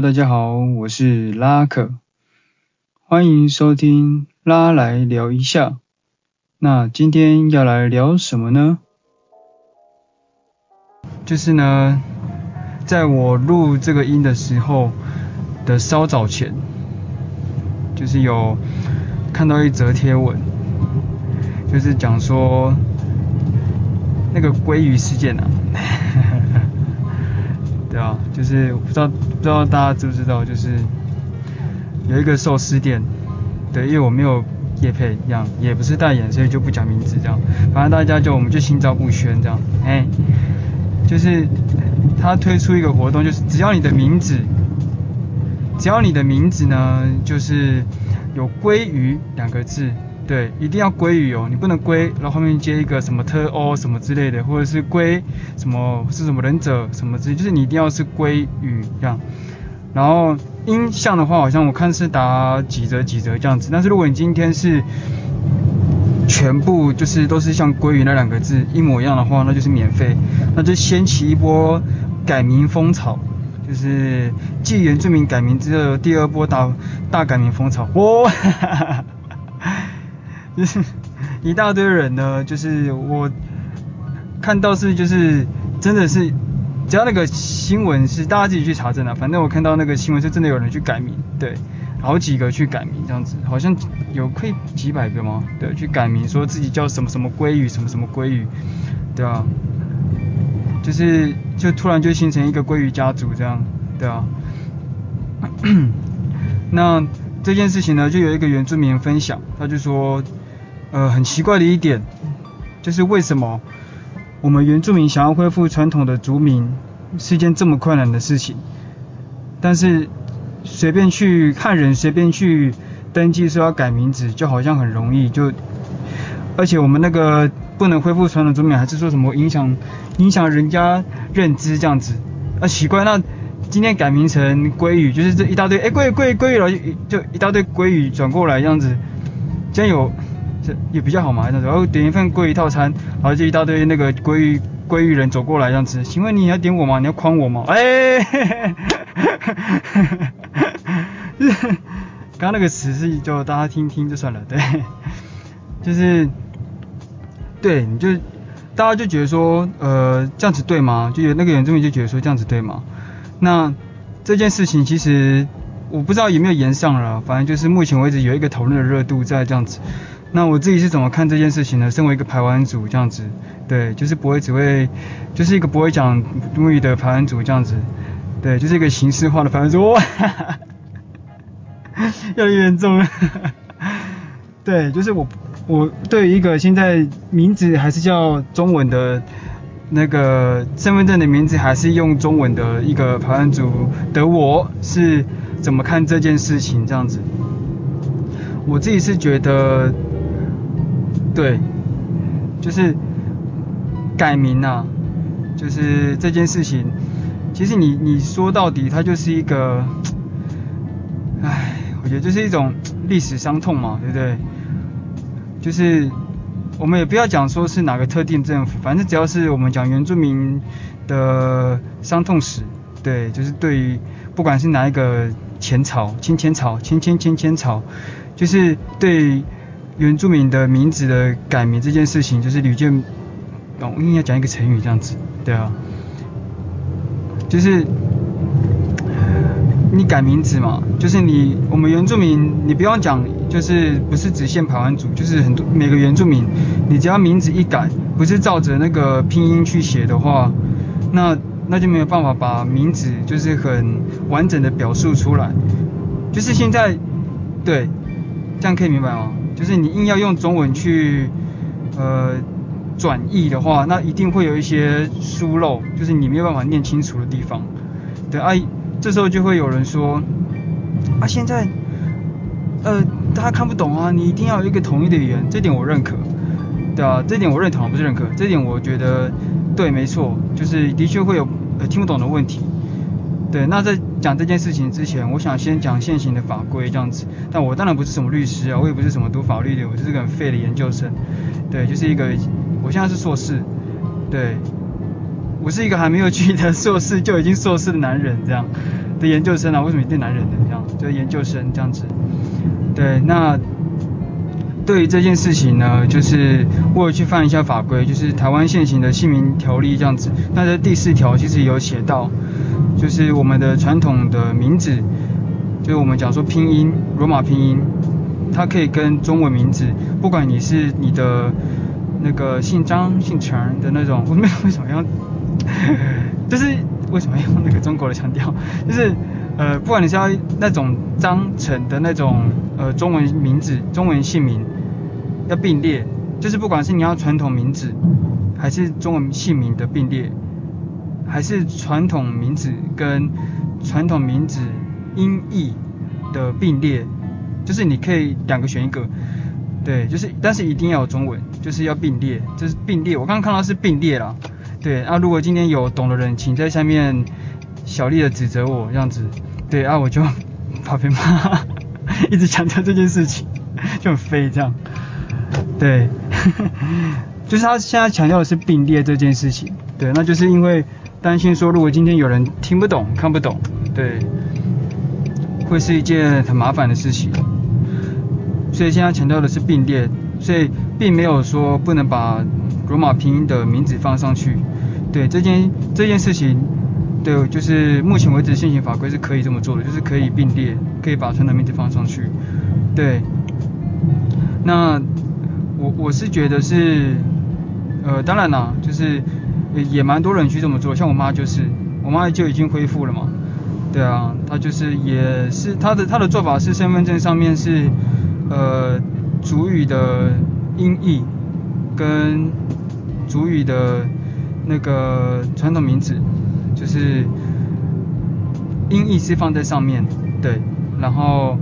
大家好，我是拉可，歡迎收聽拉來聊一下。那今天要來聊什麼呢？就是呢，在我錄這個音的時候的稍早前，就是有看到一則貼文，就是講說那個鮭魚事件啊。對啊，就是我不知道不知道大家知不知道，就是有一個壽司店，對，因為我沒有業配一樣，也不是代言，所以就不講名字這樣。反正大家就我們就心照不宣這樣，哎，就是他推出一個活動，就是只要你的名字，只要你的名字呢，就是有鮭魚兩個字。對，一定要鮭魚哦，你不能鮭然後後面接一個什麼特哦什麼之類的，或者是鮭什麼是什麼忍者什麼之類，就是你一定要是鮭魚這樣。然後音像的話，好像我看是打幾折幾折這樣子，但是如果你今天是全部就是都是像鮭魚那兩個字一模一樣的話，那就是免費，那就掀起一波改名風潮，就是繼原住民改名之後第二波大大改名風潮哦。 就是 一大堆人呢，就是我看到是就是真的是，只要那個新聞是大家自己去查證的，啊，反正我看到那個新聞是真的有人去改名，對，好幾個去改名這樣子，好像有快幾百個嗎？對，去改名說自己叫什麼什麼鮭魚什麼什麼鮭魚，對啊，就是就突然就形成一個鮭魚家族這樣，對啊。那這件事情呢，就有一個原住民分享，他就說。呃，很奇怪的一點，就是為什麼我們原住民想要恢復傳統的族名是一件這麼困難的事情？但是隨便去看人，隨便去登記說要改名字，就好像很容易就，而且我們那個不能恢復傳統族名，還是說什麼影響影響人家認知這樣子？啊、呃，奇怪，那今天改名成鮭魚，就是這一大堆，哎，鮭魚鮭魚鮭魚了就，就一大堆鮭魚轉過來這樣子，這樣有。也比較好嘛，然後點一份鮭魚套餐，然後就一大堆那個鮭魚鮭魚人走過來這樣子。請問你要點我嗎？你要框我嗎？剛、欸、剛 那個詞是就大家聽聽就算了，對，就是對，你就大家就覺得說，呃，這樣子對嗎？就有那個原住民就覺得說這樣子對嗎？那這件事情其實我不知道有沒有炎上了，反正就是目前為止有一個討論的熱度在這樣子。那我自己是怎麼看這件事情呢？身為一個排灣族這樣子，對，就是不會只會，就是一個不會講母語的排灣族這樣子，對，就是一個形式化的排灣族哇哈哈，哈 要嚴重了。哈哈哈對，就是我，我對一個現在名字還是叫中文的，那個身份證的名字還是用中文的一個排灣族的，我是怎麼看這件事情這樣子？我自己是覺得。對，就是改名啊，就是這件事情，其實你你說到底，它就是一個，唉，我覺得就是一種歷史傷痛嘛，對不對？就是我們也不要講說是哪個特定政府，反正只要是我們講原住民的傷痛史，對，就是對於不管是哪一個前朝、清前朝、清清清前朝，就是對於。原住民的名字的改名這件事情，就是屢見。我應該講一個成語這樣子，對啊，就是你改名字嘛，就是你我們原住民，你不要講，就是不是只限排灣族，就是很多每個原住民，你只要名字一改，不是照着那個拼音去寫的話，那那就沒有辦法把名字就是很完整的表述出來，就是現在對，這樣可以明白嗎？就是你硬要用中文去呃轉譯的話，那一定會有一些疏漏，就是你沒有辦法念清楚的地方。對啊，這時候就會有人說啊，現在呃大家看不懂啊，你一定要有一個統一的語言，這點我認可，對啊，這點我認同，不是認可。這點我覺得對，沒錯，就是的確會有，呃，聽不懂的問題。對，那在講這件事情之前，我想先講現行的法規這樣子。但我當然不是什麼律師啊，我也不是什麼讀法律的，我就是個很廢的研究生。對，就是一個，我現在是碩士。對，我是一個還沒有取得碩士就已經碩士的男人這樣，的研究生啊？為什麼一定男人呢？這樣，就研究生這樣子。對，那對於這件事情呢，就是我有去翻一下法規，就是台灣現行的姓名條例這樣子。那在第四條其實有寫到。就是我們的傳統的名字，就是我們講說拼音，羅馬拼音，它可以跟中文名字，不管你是你的那個姓張姓陳的那種，為什麼，為什麼要？就是為什麼要用那個中國的腔調？就是呃，不管你是要那種張陳的那種呃中文名字，中文姓名要並列，就是不管是你要傳統名字還是中文姓名的並列。還是傳統名字跟傳統名字音譯的並列，就是你可以兩個選一個，對，就是但是一定要有中文，就是要並列，就是並列。我剛剛看到是並列了，對啊。那如果今天有懂的人，請在下面小力的指責我這樣子，對啊，我就跑偏一直強調這件事情就很飛這樣，對，就是他現在強調的是並列這件事情，對，那就是因為。擔心說，如果今天有人聽不懂，看不懂，對，會是一件很麻煩的事情。所以現在強調的是並列，所以並沒有說不能把羅馬拼音的名字放上去。對，這件這件事情，對，就是目前為止現行法規是可以這麼做的，就是可以並列，可以把傳統的名字放上去。對，那我我是覺得是，呃，當然啦，就是。也也蠻多人去這麼做，像我媽就是，我媽就已經恢復了嘛。對啊，她就是也是她的她的做法是身份證上面是，呃，族語的音譯跟族語的那個傳統名字，就是音譯是放在上面，對，然後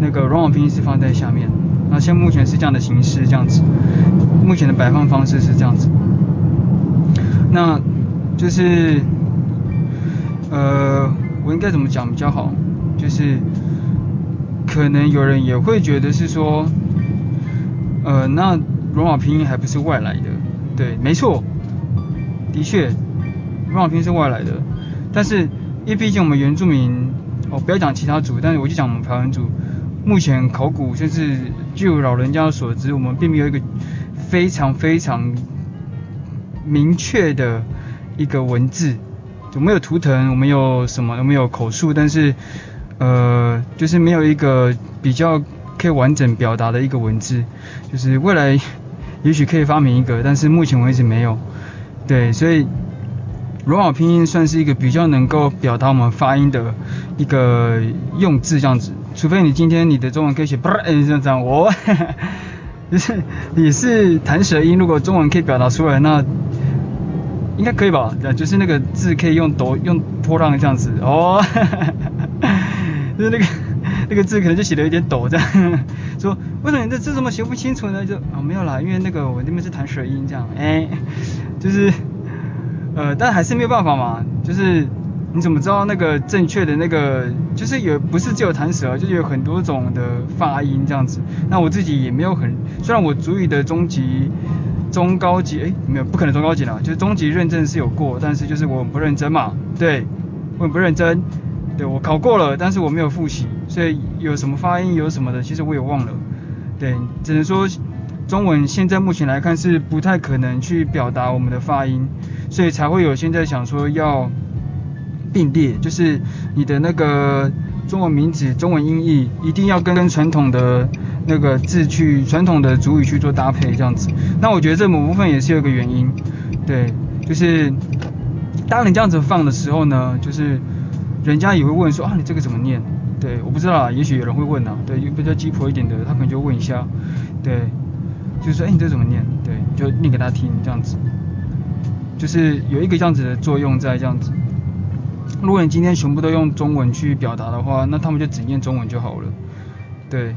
那個羅馬拼音是放在下面。那現在目前是這樣的形式，這樣子，目前的擺放方式是這樣子。那，就是，呃，我應該怎麼講比較好？就是，可能有人也會覺得是說，呃，那羅馬拼音還不是外來的？對，沒錯，的確，羅馬拼音是外來的。但是，因為畢竟我們原住民，哦，不要講其他族，但是我就講我們排灣族。目前考古，甚至據老人家所知，我們並沒有一個非常非常明確的一個文字，有沒有圖騰，有沒有什麼，有沒有口述，但是呃，就是沒有一個比較可以完整表達的一個文字，就是未來也許可以發明一個，但是目前為止沒有。對，所以羅馬拼音算是一個比較能夠表達我們發音的一個用字這樣子，除非你今天你的中文可以寫“不、呃”這樣子，我、哦。呵呵就是你是彈舌音，如果中文可以表達出來，那應該可以吧？就是那個字可以用抖、用波浪這樣子哦， 就是那個那個字可能就寫的有點抖這樣。說為什麼你這字怎麼寫不清楚呢？就啊、哦、沒有啦，因為那個我那邊是彈舌音這樣，哎、欸，就是呃，但還是沒有辦法嘛，就是。你怎麼知道那個正確的那個？就是也不是只有彈舌、啊，就是有很多種的發音這樣子。那我自己也沒有很，雖然我族語的中級、中高級，哎，沒有不可能中高級了，就是中級認證是有過，但是就是我不認真嘛，對，我不認真，對我考過了，但是我沒有複習，所以有什麼發音有什麼的，其實我也忘了。對，只能說中文現在目前來看是不太可能去表達我們的發音，所以才會有現在想說要。並列，就是你的那個中文名字、中文音譯，一定要跟跟傳統的那個字去、傳統的族語去做搭配這樣子。那我覺得這某部分也是有一個原因，對，就是當你這樣子放的時候呢，就是人家也會問說啊，你這個怎麼念？對，我不知道，也許有人會問吶、啊，對，比較雞婆一點的，他可能就問一下，對，就是說哎、欸、你這怎麼念？對，就念給他聽這樣子，就是有一個這樣子的作用在這樣子。如果你今天全部都用中文去表達的話，那他們就只念中文就好了。對，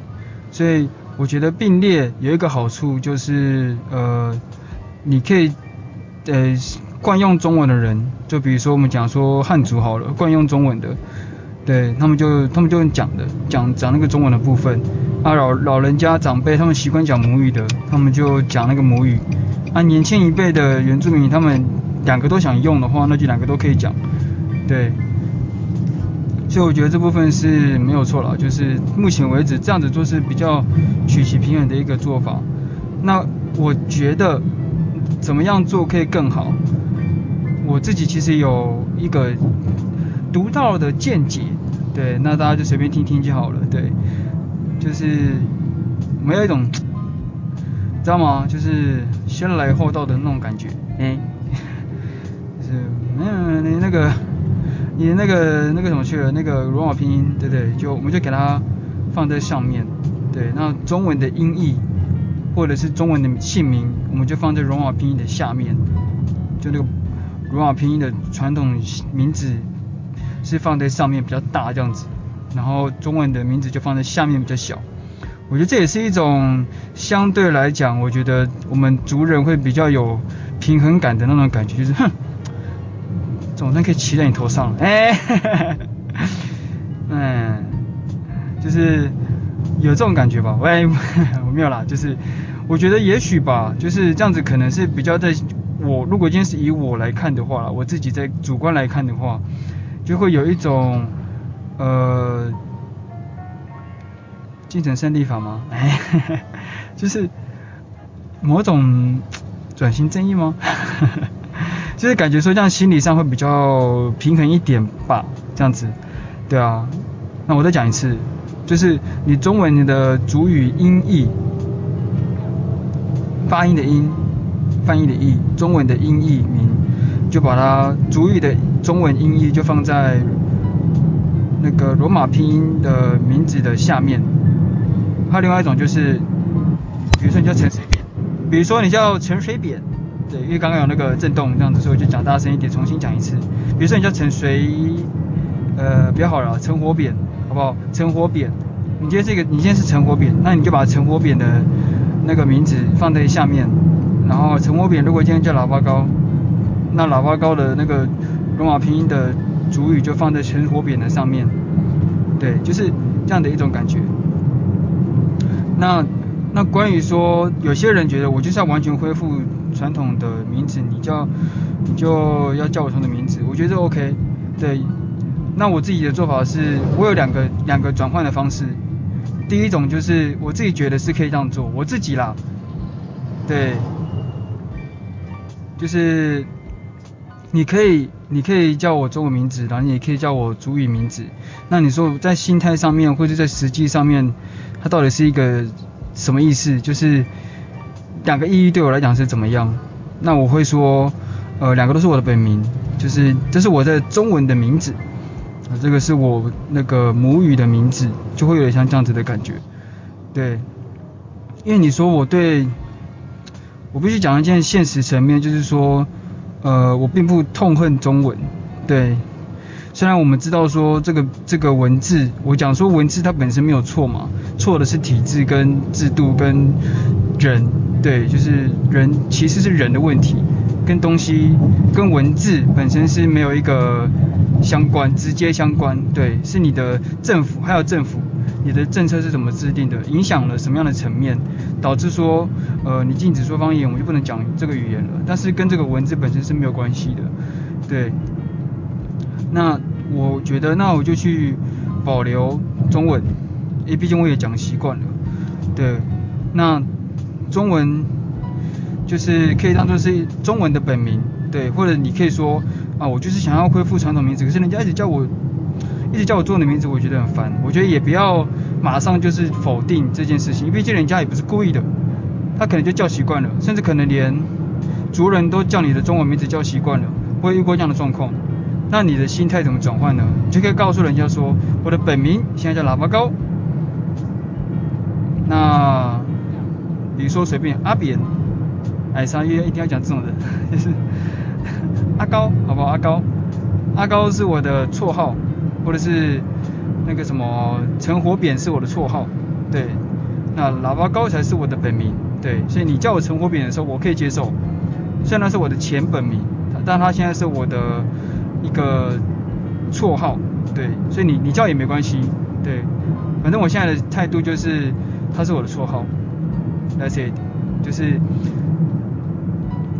所以我覺得並列有一個好處就是，呃，你可以，呃，慣用中文的人，就比如說我們講說漢族好了，慣用中文的，對他們就他們就講的講講那個中文的部分。啊，老老人家長輩他們習慣講母語的，他們就講那個母語。啊，年輕一輩的原住民他們兩個都想用的話，那就兩個都可以講。對，所以我覺得這部分是沒有錯了，就是目前為止這樣子做是比較取其平衡的一個做法。那我覺得怎麼樣做可以更好？我自己其實有一個獨到的見解，對，那大家就隨便聽聽就好了，對，就是沒有一種知道嗎？就是先來後到的那種感覺，嗯、欸，就是嗯你那個。你那個那個什麼去了？那個羅馬拼音，對不對，對？就我們就給它放在上面，對。那中文的音譯或者是中文的姓名，我們就放在羅馬拼音的下面。就那個羅馬拼音的傳統名字是放在上面比較大這樣子，然後中文的名字就放在下面比較小。我覺得這也是一種相對來講，我覺得我們族人會比較有平衡感的那種感覺，就是哼。總算可以騎在你頭上了，哎，嗯，就是有這種感覺吧？喂，我沒有啦，就是我覺得也許吧，就是這樣子，可能是比較在，我如果今天是以我來看的話，我自己在主觀來看的話，就會有一種呃精神勝利法嗎？就是某種轉型正義嗎？ 就是感覺說這樣心理上會比較平衡一點吧，這樣子，對啊，那我再講一次，就是你中文你的族語音譯，發音的音，翻譯的譯，中文的音譯名，就把它族語的中文音譯就放在那個羅馬拼音的名字的下面，還有另外一種就是，比如說你叫陳水扁，比如說你叫陳水扁。對，因為剛剛有那個震動，這樣子所以我就講大聲一點，重新講一次。比如說你叫陳水，呃，比較好了，陳火扁，好不好？陳火扁，你今天這個，你今天是陳火扁，那你就把陳火扁的那個名字放在下面。然後陳火扁如果今天叫喇叭糕，那喇叭糕的那個羅馬拼音的主語就放在陳火扁的上面。對，就是這樣的一種感覺。那那關於說，有些人覺得我就是要完全恢復。傳統的名字，你叫你就要叫我什麼名字，我覺得 OK。對，那我自己的做法是，我有兩個兩個轉換的方式。第一種就是我自己覺得是可以這樣做，我自己啦，對，就是你可以你可以叫我中文名字，然後你也可以叫我族語名字。那你說在心態上面或者在實際上面，它到底是一個什麼意思？就是，兩個意義對我來講是怎麼樣？那我會說，呃，兩個都是我的本名，就是這是我的中文的名字，這個是我那個母語的名字，就會有點像這樣子的感覺，對。因為你說我對，我必須講一件現實層面，就是說，呃，我並不痛恨中文，對。雖然我們知道說這個這個文字，我講說文字它本身沒有錯嘛，錯的是體制跟制度跟人，對，就是人其實是人的問題，跟東西跟文字本身是沒有一個相關直接相關，對，是你的政府還有政府，你的政策是怎麼制定的，影響了什麼樣的層面，導致說呃你禁止說方言，我就不能講這個語言了，但是跟這個文字本身是沒有關係的，對。那我覺得，那我就去保留中文，因為畢竟我也講習慣了。對，那中文就是可以當做是中文的本名，對，或者你可以說啊，我就是想要恢復傳統名字，可是人家一直叫我一直叫我中文的名字，我覺得很煩。我覺得也不要馬上就是否定這件事情，畢竟人家也不是故意的，他可能就叫習慣了，甚至可能連族人都叫你的中文名字叫習慣了。會遇過這樣的狀況。那你的心態怎麼轉換呢？你就可以告訴人家說，我的本名現在叫喇叭高。那比如說隨便，阿扁、艾莎約一定要講這種的，就是阿高，好不好？阿高，阿高是我的綽號，或者是那個什麼陳火扁是我的綽號，對。那喇叭高才是我的本名，對。所以你叫我陳火扁的時候，我可以接受，雖然他是我的前本名，但他現在是我的。一個綽號，對，所以你你叫也沒關係，對，反正我現在的態度就是它是我的綽號，Let's 就是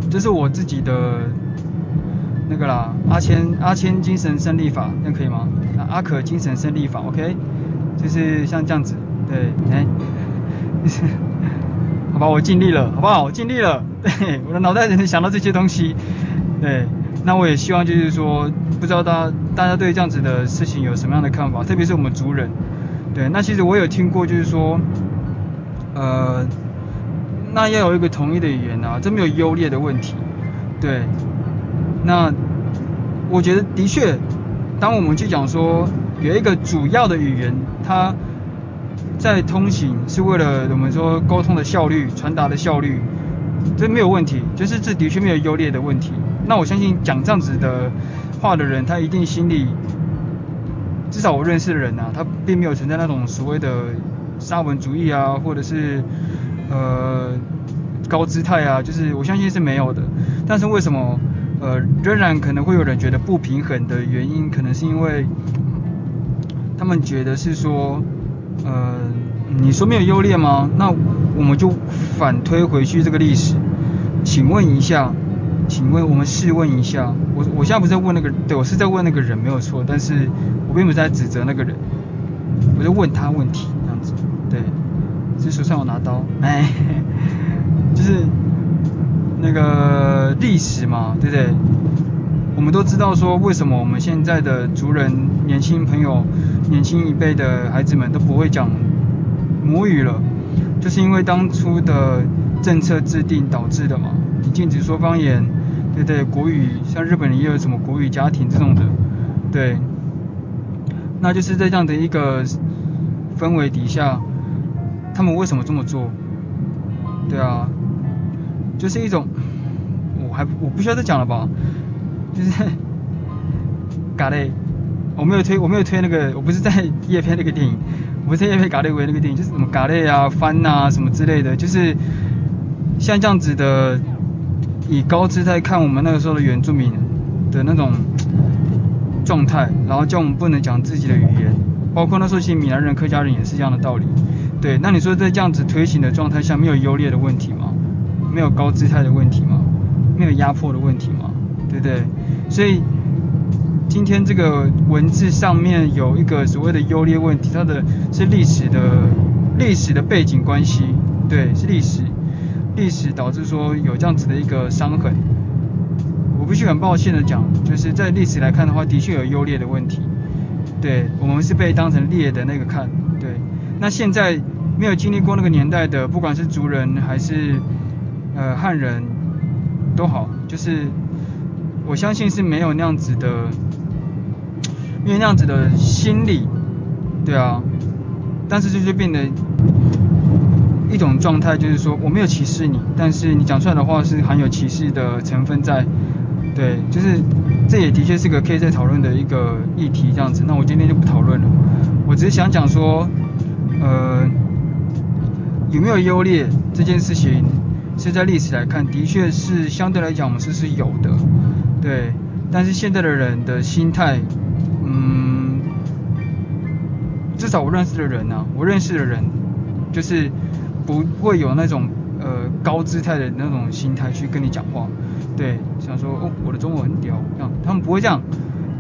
這、就是我自己的那個啦，阿千阿千精神勝利法，這樣可以嗎？啊、阿可精神勝利法，OK，就是像這樣子，對，是、okay? 好吧，我盡力了，好不好？我盡力了，對，我的腦袋只能想到這些東西，對。那我也希望，就是說，不知道大家大家對這樣子的事情有什麼樣的看法，特別是我們族人。對，那其實我有聽過，就是說，呃，那要有一個統一的語言啊，這沒有優劣的問題。對，那我覺得的確，當我們去講說有一個主要的語言，它在通行是為了我們說溝通的效率、傳達的效率，這沒有問題，就是這的確沒有優劣的問題。那我相信講這樣子的話的人，他一定心裡，至少我認識的人啊，他並沒有存在那種所謂的沙文主義啊，或者是呃高姿態啊，就是我相信是沒有的。但是為什麼呃仍然可能會有人覺得不平衡的原因，可能是因為他們覺得是說，呃，你說沒有優劣嗎？那我們就反推回去這個歷史，請問一下。請問我們試問一下，我我現在不是在問那個，對，我是在問那個人沒有錯，但是我並不是在指責那個人，我就問他問題這樣子，對，所以手上有拿刀，哎，就是那個歷史嘛，對不對？我們都知道說為什麼我們現在的族人、年輕朋友、年輕一輩的孩子們都不會講母語了，就是因為當初的政策制定導致的嘛。禁止說方言，對對，國語，像日本也有什麼國語家庭這種的，對，那就是在這樣的一個氛圍底下，他們為什麼這麼做？對啊，就是一種，我還我不需要再講了吧？就是嘎嘞我沒有推我沒有推那個，我不是在業配那個電影，我不是在業配咖喱味那個電影，就是什麼嘎喱啊翻啊什麼之類的，就是像這樣子的。以高姿態看我們那個時候的原住民的那種狀態，然後叫我們不能講自己的語言，包括那時候些閩南人、客家人也是這樣的道理。對，那你說在這樣子推行的狀態下，沒有優劣的問題嗎？沒有高姿態的問題嗎？沒有壓迫的問題嗎？對不對？所以今天這個文字上面有一個所謂的優劣問題，它的是歷史的歷史的背景關係。對，是歷史。歷史導致說有這樣子的一個傷痕，我必須很抱歉的講，就是在歷史來看的話，的確有優劣的問題。對，我們是被當成劣的那個看，對。那現在沒有經歷過那個年代的，不管是族人還是呃漢人，都好，就是我相信是沒有那樣子的，沒有那樣子的心理，對啊。但是這就變得。一種狀態就是說，我沒有歧視你，但是你講出來的話是含有歧視的成分在。對，就是這也的確是個可以再討論的一個議題這樣子。那我今天就不討論了，我只是想講說，呃，有沒有優劣這件事情，是在歷史來看，的確是相對來講我們是是有的。對，但是現在的人的心態，嗯，至少我認識的人呢、啊，我認識的人就是。不會有那種呃高姿態的那種心態去跟你講話，對，想說哦，我的中文很屌這樣，他們不會這樣，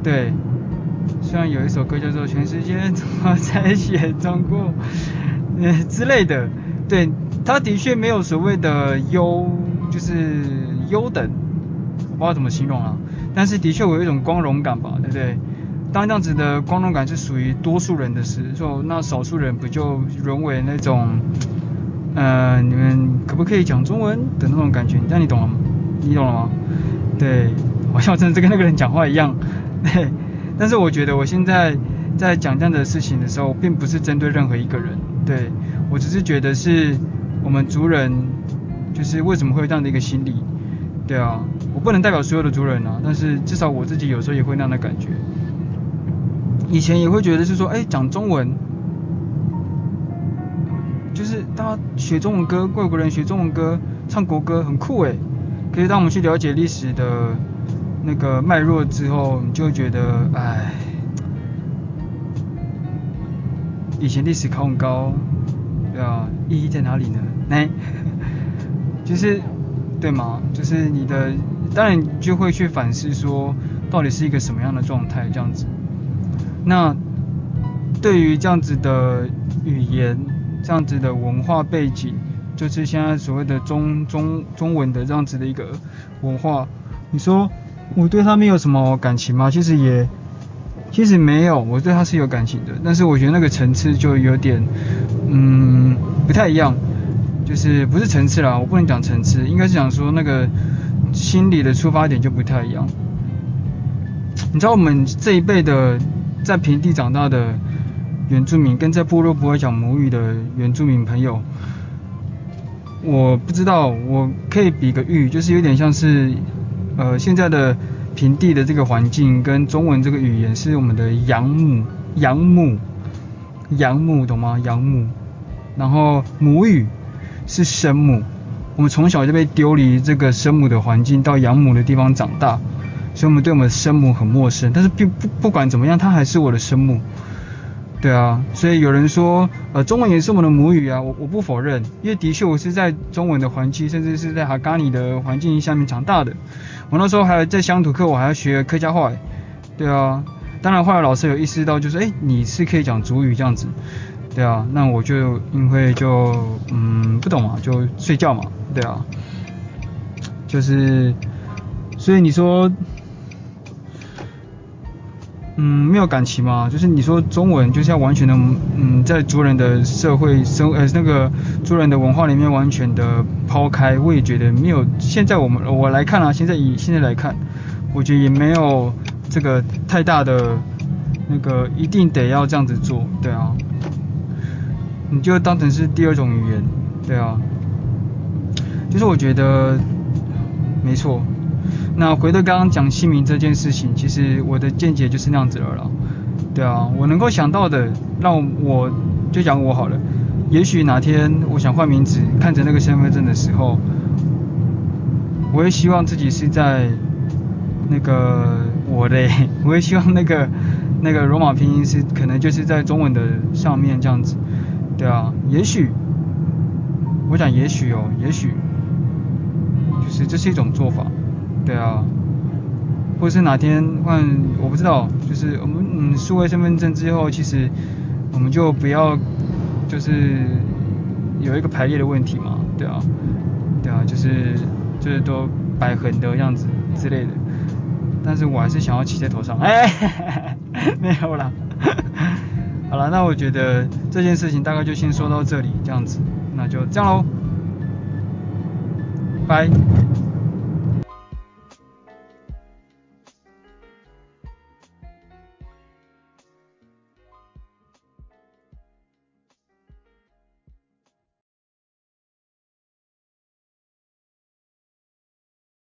對。雖然有一首歌叫做《全世界怎麼才寫中國》嗯、呃、之類的，對，他的確沒有所謂的優，就是優等，我不知道怎麼形容了、啊。但是的確我有一種光榮感吧，對不對？當這樣子的光榮感是屬於多數人的時候，那少數人不就淪為那種？呃，你們可不可以講中文的那種感覺？但你懂了嗎？你懂了嗎？對，好像真的跟那個人講話一樣，對。但是我覺得我現在在講這樣的事情的時候，並不是針對任何一個人。對，我只是覺得是我們族人，就是為什麼會有這樣的一個心理？對啊，我不能代表所有的族人啊，但是至少我自己有時候也會那樣的感覺。以前也會覺得是說，哎、欸，講中文。就是大家學中文歌，外國人學中文歌，唱國歌很酷誒，可是當我們去了解歷史的那個脈絡之後，你就會覺得哎，以前歷史考很高，對啊，意義在哪裡呢？那、欸，就是對嗎？就是你的，當然你就會去反思說，到底是一個什麼樣的狀態這樣子。那對於這樣子的語言。這樣子的文化背景，就是現在所謂的中中中文的這樣子的一個文化。你說我對他沒有什麼感情嗎？其實也，其實沒有，我對他是有感情的，但是我覺得那個層次就有點，嗯，不太一樣。就是不是層次啦，我不能講層次，應該是想說那個心理的出發點就不太一樣。你知道我們這一輩的在平地長大的。原住民跟在部落不會講母語的原住民朋友，我不知道，我可以比個喻，就是有點像是，呃，現在的平地的這個環境跟中文這個語言是我們的養母，養母，養母懂嗎？養母，然後母語是生母，我們從小就被丟離這個生母的環境，到養母的地方長大，所以我們對我們的生母很陌生，但是並不不，不管怎麼樣，她還是我的生母。對啊，所以有人說，呃，中文也是我們的母語啊，我我不否認，因為的確我是在中文的環境，甚至是在哈嘎尼的環境下面長大的，我那時候還在鄉土課，我還要學客家話，對啊，當然後來老師有意識到，就是哎，你是可以講族語這樣子，對啊，那我就因為就嗯不懂嘛，就睡覺嘛，對啊，就是，所以你說。嗯，沒有感情嘛，就是你說中文就是要完全的，嗯，在族人的社會生呃那個族人的文化裡面完全的拋開，我也覺得沒有。現在我們我來看啊，現在以現在來看，我覺得也沒有這個太大的那個一定得要這樣子做，對啊，你就當成是第二種語言，對啊，就是我覺得沒錯。那回到剛剛講姓名這件事情，其實我的見解就是那樣子了。對啊，我能夠想到的，讓我，我就講我好了。也許哪天我想換名字，看着那個身份證的時候，我也希望自己是在那個我的，我也希望那個那個羅馬拼音是可能就是在中文的上面這樣子。對啊，也許我想也許哦，也許就是這是一種做法。對啊，或者是哪天換我不知道，就是我們嗯，數位身份證之後，其實我們就不要就是有一個排列的問題嘛，對啊，對啊，就是就是都擺橫的樣子之類的，但是我還是想要騎在頭上、啊，哎哈哈哈，沒有啦。 好啦，那我覺得這件事情大概就先說到這裡這樣子，那就這樣嘍，拜。